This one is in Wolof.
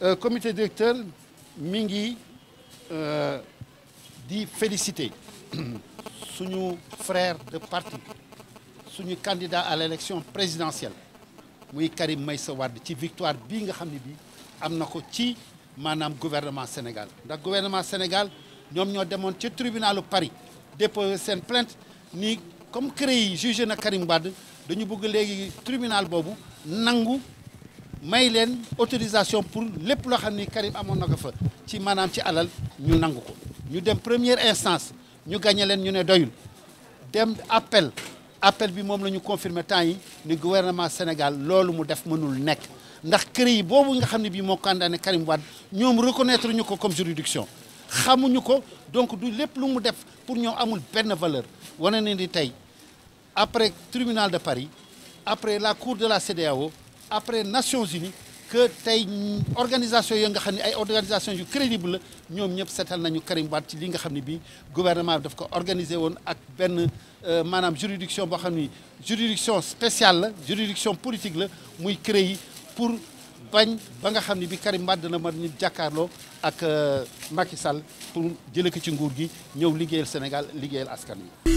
Le euh, comité directeur Mingi euh, dit féliciter suñu frère de parti suñu candidat à l'élection présidentielle Oui, Karim Meïssa victoire binga nga xam ne gouvernement Sénégal Le gouvernement Sénégal avons ñoo au tribunal de Paris déposer une plainte ni comme créé jugé na Karim Wade dañu bëgg légui tribunal Bobu, nangu may len autorisation pour lepp lo xamni Karim amon na fa ci manam ci alal ñu nangu ko ñu dem première instance ñu gagné len ñu né doyul dem appel appel bi mom lañu confirmer tan yi ni gouvernement Sénégal lolu mu def mënul nek ndax créé bobu nga xamni bi mo condamné Karim Wad ñom reconnaître ñuko comme juridiction xamuñu ko donc du lépp lu mu def pour ñoom amul benn valeur wane ne ni tey après tribunal de Paris après la cour de la cdao après Nations Unies que tey organisation yo nga xam ne ay organisation yu crédible la ñoom ñëpp nañu Karim Wade ci li nga xam ne gouvernement daf ko organisé woon ak benn euh, maanaam juridiction boo xam ni juridiction spéciale la juridiction politique la muy créé pour bañ ba nga xam ne bi Karim Wade dina mën ñu jàkkaarloo ak euh, Macky Sall pour jële ko ci nguur gi ñëw liggéeyal Sénégal liggéeyal askan wi.